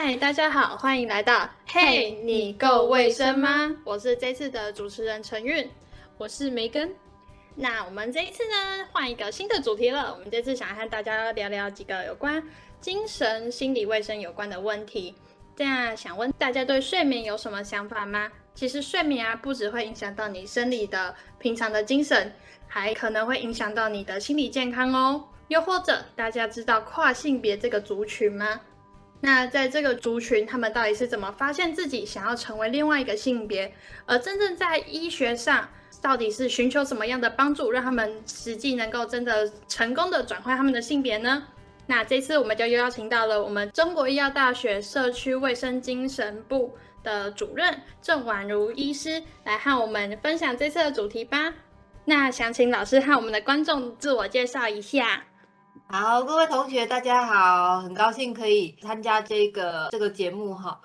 嗨，大家好，歡迎來到、hey，《嘿，你夠衛生嗎？》我是這次的主持人晨韻，我是梅根。那我們這一次呢，換一個新的主題了。我們這次想要和大家聊聊幾個有關精神、心理衛生有關的問題。這樣想問大家對睡眠有什麼想法嗎？其實睡眠啊，不只會影響到你生理的平常的精神，還可能會影響到你的心理健康哦。又或者，大家知道跨性別這個族群嗎？那在這個族群，他們到底是怎麼發現自己想要成為另外一個性別？而真正在醫學上，到底是尋求什麼樣的幫助，讓他們實際能夠真的成功的轉換他們的性別呢？那這次我們就又邀請到了我們中國醫藥大學社區衛生精神部的主任鄭婉汝醫師，來和我們分享這次的主題吧。那想請老師和我們的觀眾自我介紹一下。好，各位同學，大家好，很高興可以參加這個這個節目哈、哦。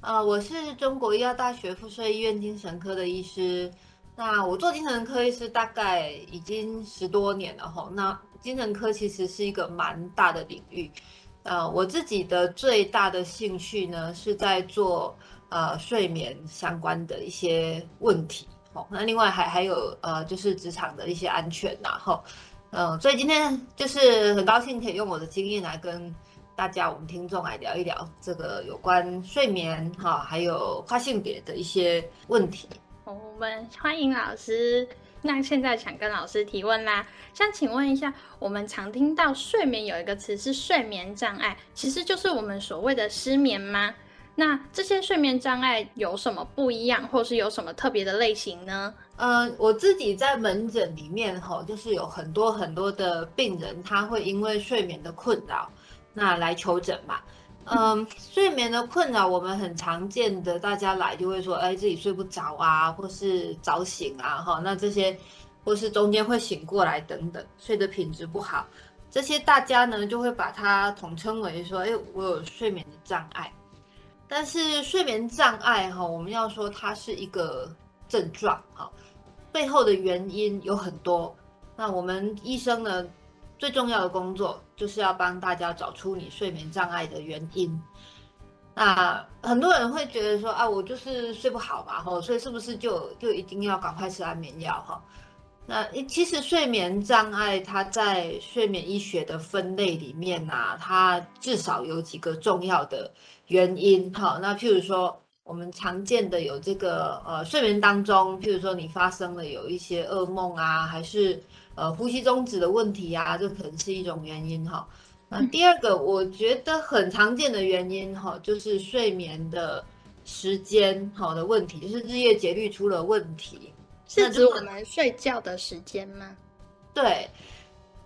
呃，我是中國醫藥大學附設醫院精神科的醫師，那我做精神科醫師大概已經十多年了吼、哦。那精神科其實是一個蠻大的領域，呃，我自己的最大的興趣呢是在做呃睡眠相關的一些問題，好、哦，那另外還還有呃就是職場的一些安全然後。啊、哦嗯，所以今天就是很高興可以用我的經驗來跟大家，我們聽眾來聊一聊這個有關睡眠哈，還有跨性別的一些問題。哦，我們歡迎老師，那現在想跟老師提問啦。想請問一下，我們常聽到睡眠有一個詞是睡眠障礙，其實就是我們所謂的失眠嗎？那這些睡眠障礙有什麼不一樣，或是有什麼特別的類型呢？嗯、呃，我自己在門診裡面哈，就是有很多很多的病人，他會因為睡眠的困擾，那來求診嘛。嗯、呃，睡眠的困擾，我們很常見的，大家來就會說，哎，自己睡不着啊，或是早醒啊，哈，那這些或是中間會醒過來等等，睡的品質不好，這些大家呢就會把它統稱為說，哎，我有睡眠的障礙。但是睡眠障礙哈，我們要說它是一個症狀哈。背後的原因有很多，那我們醫生呢，最重要的工作就是要幫大家找出你睡眠障礙的原因。那很多人會覺得說啊，我就是睡不好嘛，所以是不是就就一定要趕快吃安眠藥哈？那其實睡眠障礙它在睡眠醫學的分類裡面呢、啊，它至少有幾個重要的原因，哈，那譬如說。我們常見的有這個呃，睡眠當中，譬如說你發生了有一些噩夢啊，還是呃呼吸中止的問題啊，這可能是一種原因哈。那，呃，第二個，嗯，我覺得很常見的原因哈，哦，就是睡眠的時間好，哦，的問題，就是日夜節律出了問題。是指我們睡覺的時間嗎？對。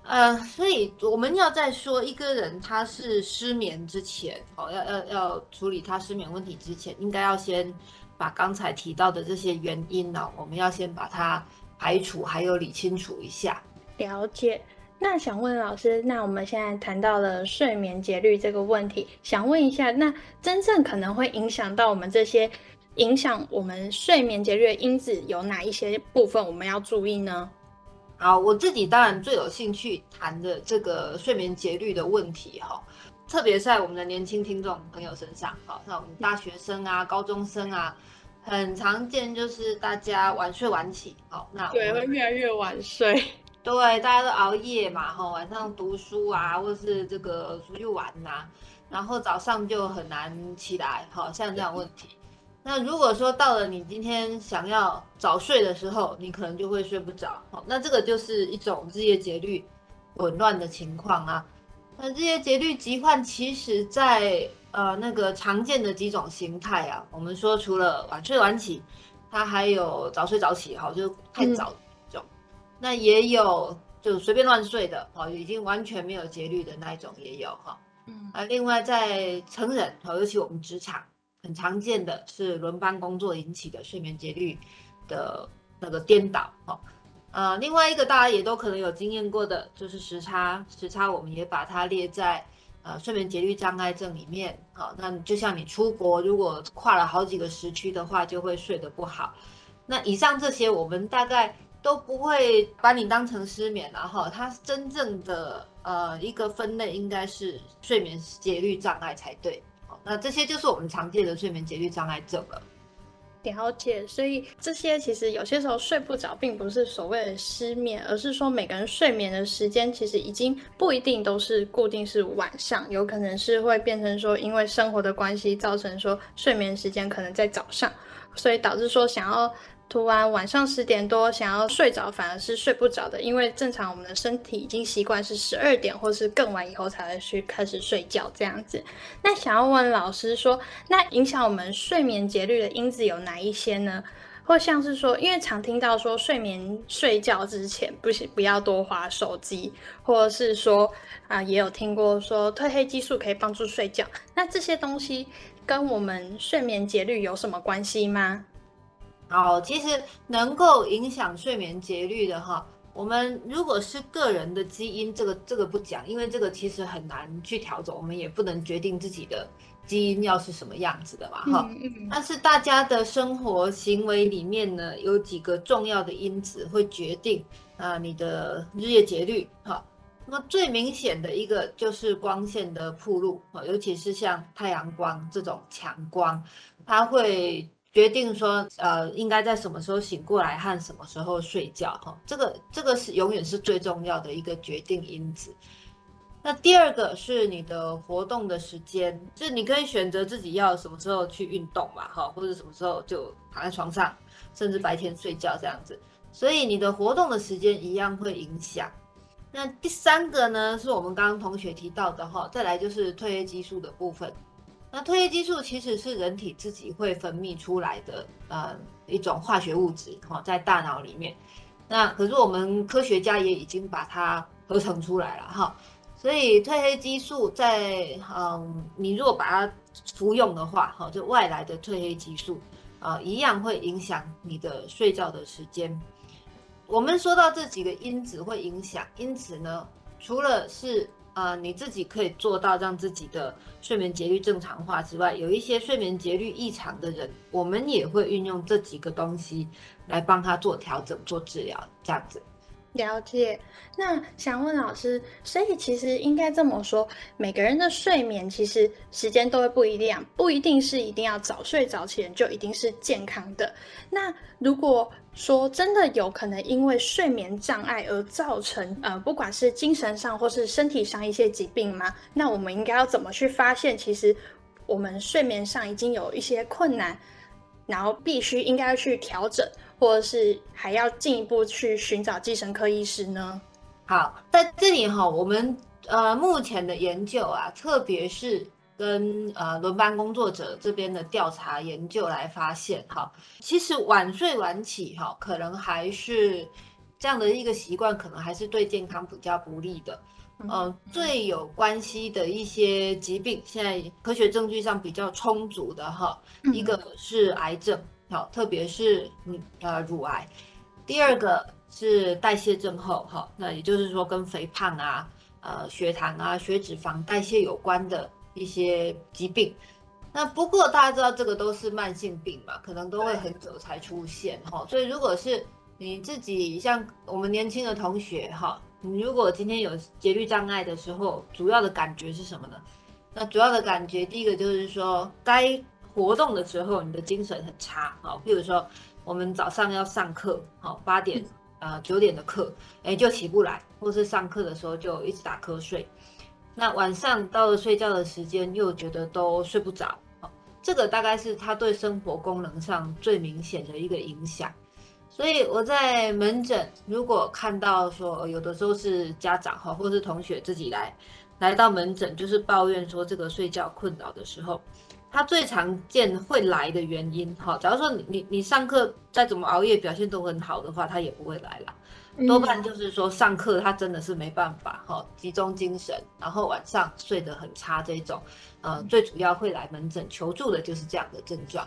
呃，所以我們要在說一個人他是失眠之前哦，要要要處理他失眠問題之前，應該要先把剛才提到的這些原因呢，哦，我們要先把它排除，還有理清楚一下。了解。那想問老師，那我們現在談到了睡眠節律這個問題，想問一下，那真正可能會影響到我們這些影響我們睡眠節律的因子有哪一些部分，我們要注意呢？好，我自己當然最有興趣談的這個睡眠節律的問題哈，特別在我們的年輕聽眾朋友身上，好，像我們大學生啊、高中生啊，很常見就是大家晚睡晚起，好，那對，會越來越晚睡，對，大家都熬夜嘛，哈，晚上讀書啊，或是這個出去玩吶、啊，然後早上就很難起來，好，像這樣問題。那如果說到了你今天想要早睡的時候，你可能就會睡不着，那這個就是一種日夜節律紊亂的情況啊。那日夜節律疾患其實在呃那個常見的幾種形態啊，我們說除了晚睡晚起，它還有早睡早起，好，就太早這種。嗯。那也有就隨便亂睡的，好，已經完全沒有節律的那一種也有哈。嗯。啊，另外在成人，尤其我們職場。很常見的是輪班工作引起的睡眠節律的那個顛倒哦，呃，另外一個大家也都可能有經驗過的，就是時差，時差我們也把它列在呃睡眠節律障礙症裡面，好，那就像你出國，如果跨了好幾個時區的話，就會睡得不好。那以上這些我們大概都不會把你當成失眠，然後、哦、它真正的呃一個分類應該是睡眠節律障礙才對。那這些就是我們常見的睡眠節律障礙症了。了解。所以這些其實有些時候睡不着，並不是所謂的失眠，而是說每個人睡眠的時間其實已經不一定都是固定是晚上，有可能是會變成說因為生活的關係，造成說睡眠時間可能在早上，所以導致說想要。突然晚上十點多想要睡着，反而是睡不着的，因為正常我們的身體已經習慣是十二點或是更晚以後才會去開始睡覺這樣子。那想要問老師說，那影響我們睡眠節律的因子有哪一些呢？或像是說，因為常聽到說睡眠睡覺之前不行不要多滑手機，或是說啊、呃、也有聽過說褪黑激素可以幫助睡覺，那這些東西跟我們睡眠節律有什麼關係嗎？哦，其實能夠影響睡眠節律的哈，我們如果是個人的基因，這個這個不講，因為這個其實很難去調整，我們也不能決定自己的基因要是什麼樣子的嘛哈、嗯嗯。但是大家的生活行為裡面呢，有幾個重要的因子會決定啊、呃、你的日夜節律哈。那最明顯的一個就是光線的曝露，尤其是像太陽光這種強光，它會決定說，呃，應該在什麼時候醒過來和什麼時候睡覺，哈，這個這個是永遠是最重要的一個決定因子。那第二個是你的活動的時間，就是你可以選擇自己要什麼時候去運動嘛，哈，或者什麼時候就躺在床上，甚至白天睡覺這樣子。所以你的活動的時間一樣會影響。那第三個呢，是我們剛剛同學提到的哈，再來就是褪黑激素的部分。那褪黑激素其實是人體自己會分泌出來的，呃，一種化學物質哈、哦，在大腦裡面。那可是我們科學家也已經把它合成出來了哈、哦，所以褪黑激素在嗯，你如果把它服用的話哈、哦，就外來的褪黑激素啊、哦，一樣會影響你的睡覺的時間。我們說到這幾個因子會影響，因此呢，除了是。呃，你自己可以做到讓自己的睡眠節律正常化之外，有一些睡眠節律異常的人，我們也會運用這幾個東西來幫他做調整、做治療，這樣子。了解，那想問老師，所以其實應該這麼說，每個人的睡眠其實時間都會不一樣，不一定是一定要早睡早起，就一定是健康的。那如果說真的有可能因為睡眠障礙而造成呃，不管是精神上或是身體上一些疾病嗎？那我們應該要怎麼去發現，其實我們睡眠上已經有一些困難，然後必須應該去調整。或是還要進一步去尋找精神科醫師呢？好，在這裡哈、哦，我們呃目前的研究啊，特別是跟呃輪班工作者這邊的調查研究來發現哈、哦，其實晚睡晚起哈、哦，可能還是這樣的一個習慣，可能還是對健康比較不利的。嗯、呃，最有關係的一些疾病，現在科學證據上比較充足的哈、哦嗯，一個是癌症。好特別是你、嗯、呃乳癌，第二個是代謝症候哈、哦，那也就是說跟肥胖啊、呃、血糖啊、血脂、肪代謝有關的一些疾病。那不過大家知道這個都是慢性病嘛，可能都會很久才出現哈、哦。所以如果是你自己像我們年輕的同學哈、哦，你如果今天有節律障礙的時候，主要的感覺是什麼呢？那主要的感覺第一個就是說該。活動的時候，你的精神很差，好，譬如說，我們早上要上課，好，八點啊九點的課，誒，就起不來，或是上課的時候就一直打瞌睡，那晚上到了睡覺的時間又覺得都睡不着，好，這個大概是他對生活功能上最明顯的一個影響，所以我在門診，如果看到說有的時候是家長或是同學自己來來到門診，就是抱怨說這個睡覺困擾的時候。他最常見會來的原因，哈，假如說你你你上課再怎麼熬夜，表現都很好的話，他也不會來了。多半就是說上課他真的是沒辦法，哈、嗯，集中精神，然後晚上睡得很差這種，呃，嗯、最主要會來門診求助的就是這樣的症狀。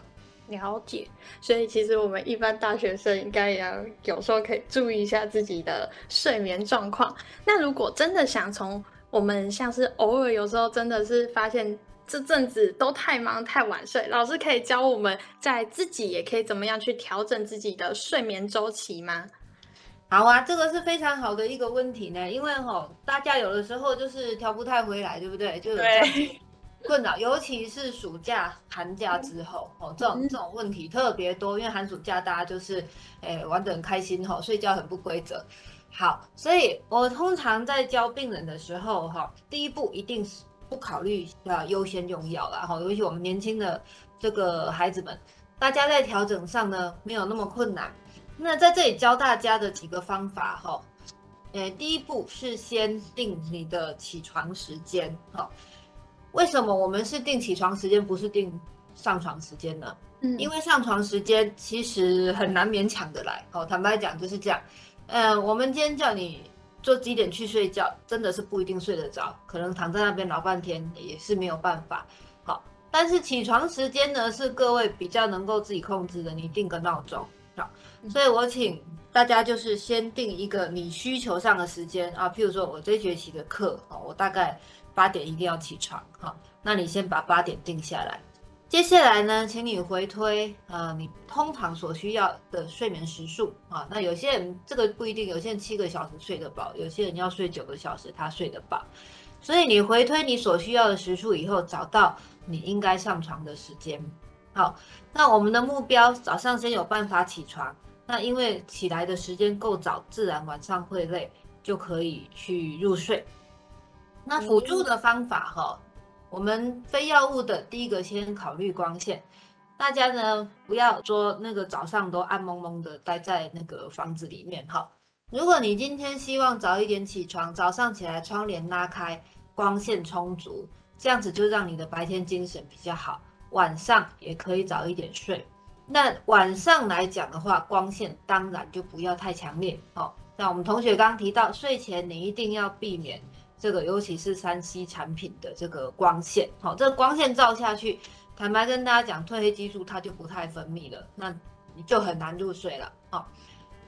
了解，所以其實我們一般大學生應該也要有時候可以注意一下自己的睡眠狀況。那如果真的想從我們像是偶爾有時候真的是發現。這陣子都太忙，太晚睡，老師可以教我們在自己也可以怎麼樣去調整自己的睡眠週期嗎？好啊，這個是非常好的一個問題呢，因為吼、哦，大家有的時候就是調不太回來，對不對？就有這樣困擾，尤其是暑假、寒假之後，哦，這種這種問題特別多、嗯，因為寒暑假大家就是，哎，玩得很開心，哈、哦，睡覺很不規則。好，所以我通常在教病人的時候，哈、哦，第一步一定是。不考慮啊，優先用藥了哈，尤其我們年輕的這個孩子們，大家在調整上呢沒有那麼困難。那在這裡教大家的幾個方法哈，呃，第一步是先定你的起床時間，哦，為什麼我們是定起床時間，不是定上床時間呢？嗯，因為上床時間其實很難勉強的來，哦，坦白講就是這樣。嗯，呃，我們今天叫你。做幾點去睡覺，真的是不一定睡得着，可能躺在那邊老半天也是沒有辦法。好，但是起床時間呢是各位比較能夠自己控制的，你定個鬧鐘。好，所以我請大家就是先定一個你需求上的時間啊，譬如說我這學期的課，我大概八點一定要起床。好，那你先把八點定下來。接下來呢，請你回推，呃，你通常所需要的睡眠時數啊。那有些人這個不一定，有些人七個小時睡得飽，有些人要睡九個小時他睡得飽。所以你回推你所需要的時數以後，找到你應該上床的時間。好，那我們的目標早上先有辦法起床，那因為起來的時間夠早，自然晚上會累，就可以去入睡。那輔助的方法哈、哦。我們非藥物的，第一個先考慮光線。大家呢，不要說那個早上都暗蒙蒙的待在那個房子裡面哈。如果你今天希望早一點起床，早上起來窗簾拉開，光線充足，這樣子就讓你的白天精神比較好。晚上也可以早一點睡。那晚上來講的話，光線當然就不要太強烈哦。那我們同學剛剛提到，睡前你一定要避免。這個尤其是三 C 產品的這個光線，好、哦，這個、光線照下去，坦白跟大家講，褪黑激素它就不太分泌了，那你就很難入睡了，好、哦。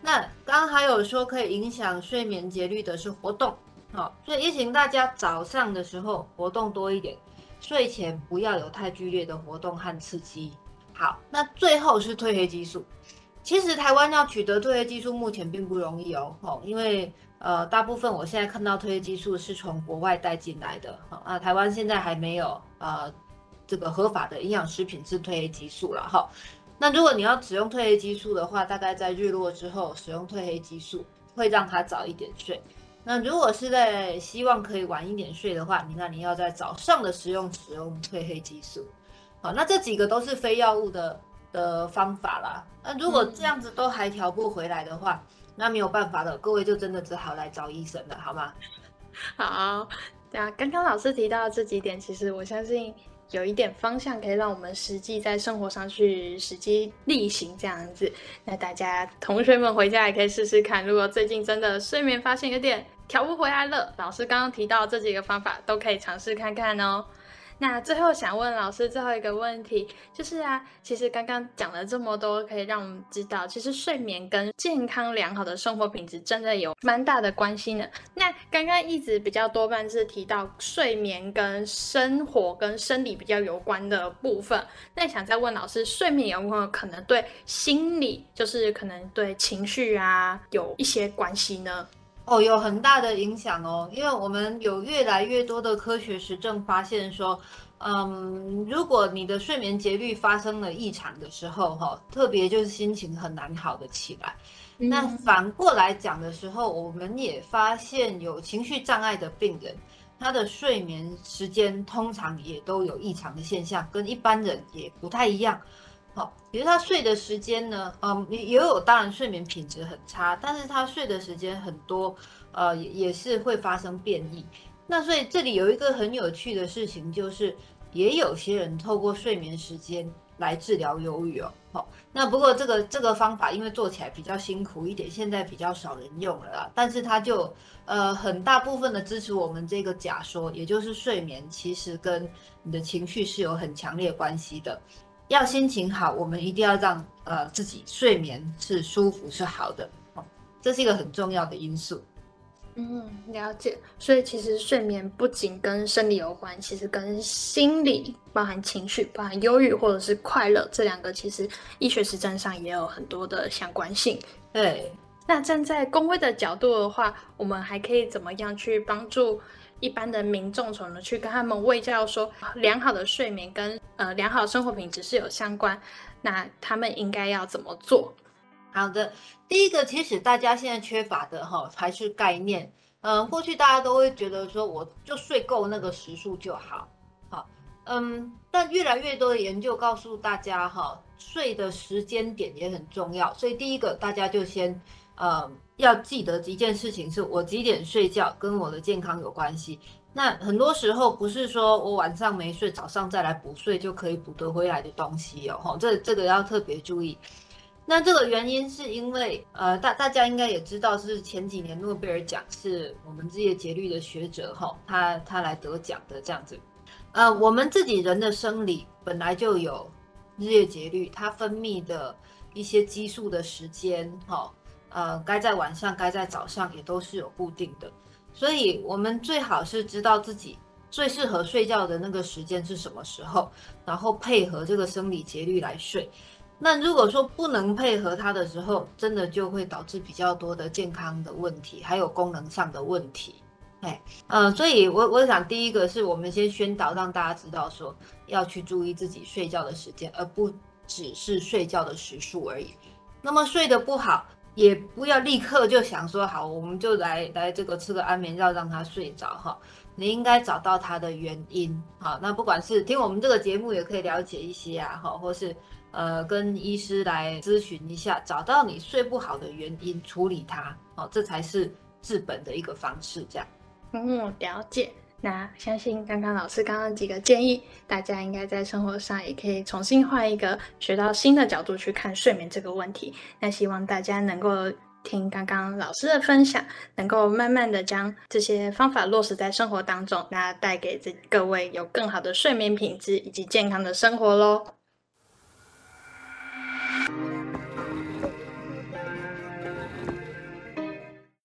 那剛剛還有說可以影響睡眠節律的是活動，好、哦，所以也請大家早上的時候活動多一點，睡前不要有太劇烈的活動和刺激。好，那最後是褪黑激素，其實台灣要取得褪黑激素目前並不容易哦，好、哦，因為，呃，大部分我現在看到褪黑激素是從國外帶進來的，好、哦、啊，台灣現在還沒有呃這個合法的營養食品是褪黑激素了哈、哦。那如果你要使用褪黑激素的話，大概在日落之後使用褪黑激素會讓他早一點睡。那如果是在希望可以晚一點睡的話，那你要在早上的使用使用褪黑激素。好、哦，那這幾個都是非藥物的的方法啦。那如果這樣子都還調不回來的話。嗯那沒有辦法了，各位就真的只好來找醫生了，好嗎？好，那剛剛老師提到這幾點，其實我相信有一點方向，可以讓我們實際在生活上去實際力行這樣子。那大家同學們回家也可以試試看，如果最近真的睡眠發現有點調不回來了，老師剛剛提到這幾個方法都可以嘗試看看哦。那最後想問老師最後一個問題，就是啊，其實剛剛講了這麼多，可以讓我們知道，其實睡眠跟健康、良好的生活品質真的有蠻大的關係呢。那剛剛一直比較多半是提到睡眠跟生活跟生理比較有關的部分，那想再問老師，睡眠有沒有可能對心理，就是可能對情緒啊有一些關係呢？哦，有很大的影響哦，因為我們有越來越多的科學實證發現說，嗯，如果你的睡眠節律發生了異常的時候，哈，特別就是心情很難好的起來。那、嗯、反過來講的時候，我們也發現有情緒障礙的病人，他的睡眠時間通常也都有異常的現象，跟一般人也不太一樣。哦，比如他睡的時間呢，嗯，也有當然睡眠品質很差，但是他睡的時間很多，呃，也是會發生變異。那所以這裡有一個很有趣的事情，就是也有些人透過睡眠時間來治療憂鬱哦。好，哦，那不過這個這個方法因為做起來比較辛苦一點，現在比較少人用了啦。但是他就呃很大部分的支持我們這個假說，也就是睡眠其實跟你的情緒是有很強烈關係的。要心情好，我們一定要讓呃自己睡眠是舒服是好的，這是一個很重要的因素。嗯，了解。所以其實睡眠不僅跟生理有關，其實跟心理，包含情緒，包含憂鬱或者是快樂這兩個，其實醫學實證上也有很多的相關性。對。那站在公衛的角度的話，我們還可以怎麼樣去幫助一般的民眾？從而去跟他們衛教說，良好的睡眠跟呃良好的生活品質是有相關。那他們應該要怎麼做？好的，第一個，其實大家現在缺乏的哈、哦、還是概念。嗯，過去大家都會覺得說，我就睡夠那個時數就好。好，嗯，但越來越多的研究告訴大家哈、哦，睡的時間點也很重要。所以第一個，大家就先。呃、嗯，要記得一件事情是，我幾點睡覺跟我的健康有關係。那很多時候不是說我晚上沒睡，早上再來補睡就可以補得回來的東西哦。哦這這個要特別注意。那這個原因是因為，呃，大大家應該也知道，是前幾年諾貝爾獎是我們日夜節律的學者哈、哦，他他來得獎的這樣子。呃、嗯，我們自己人的生理本來就有日夜節律，它分泌的一些激素的時間哈。哦呃，該在晚上，該在早上，也都是有固定的，所以我們最好是知道自己最適合睡覺的那個時間是什麼時候，然後配合這個生理節律來睡。那如果說不能配合它的時候，真的就會導致比較多的健康的問題，還有功能上的問題。哎，呃，所以我，我我想第一個是我們先宣導讓大家知道說，要去注意自己睡覺的時間，而不只是睡覺的時數而已。那麼睡得不好。也不要立刻就想說好，我們就來來這個吃個安眠藥讓他睡着哈。你應該找到他的原因好，那不管是聽我們這個節目，也可以了解一些啊哈，或是呃跟醫師來諮詢一下，找到你睡不好的原因，處理他哦，這才是治本的一個方式。這樣，嗯，了解。那相信剛剛老師剛剛幾個建議，大家應該在生活上也可以重新換一個學到新的角度去看睡眠這個問題。那希望大家能夠聽剛剛老師的分享，能夠慢慢的將這些方法落實在生活當中，那帶給各位有更好的睡眠品質以及健康的生活嘍。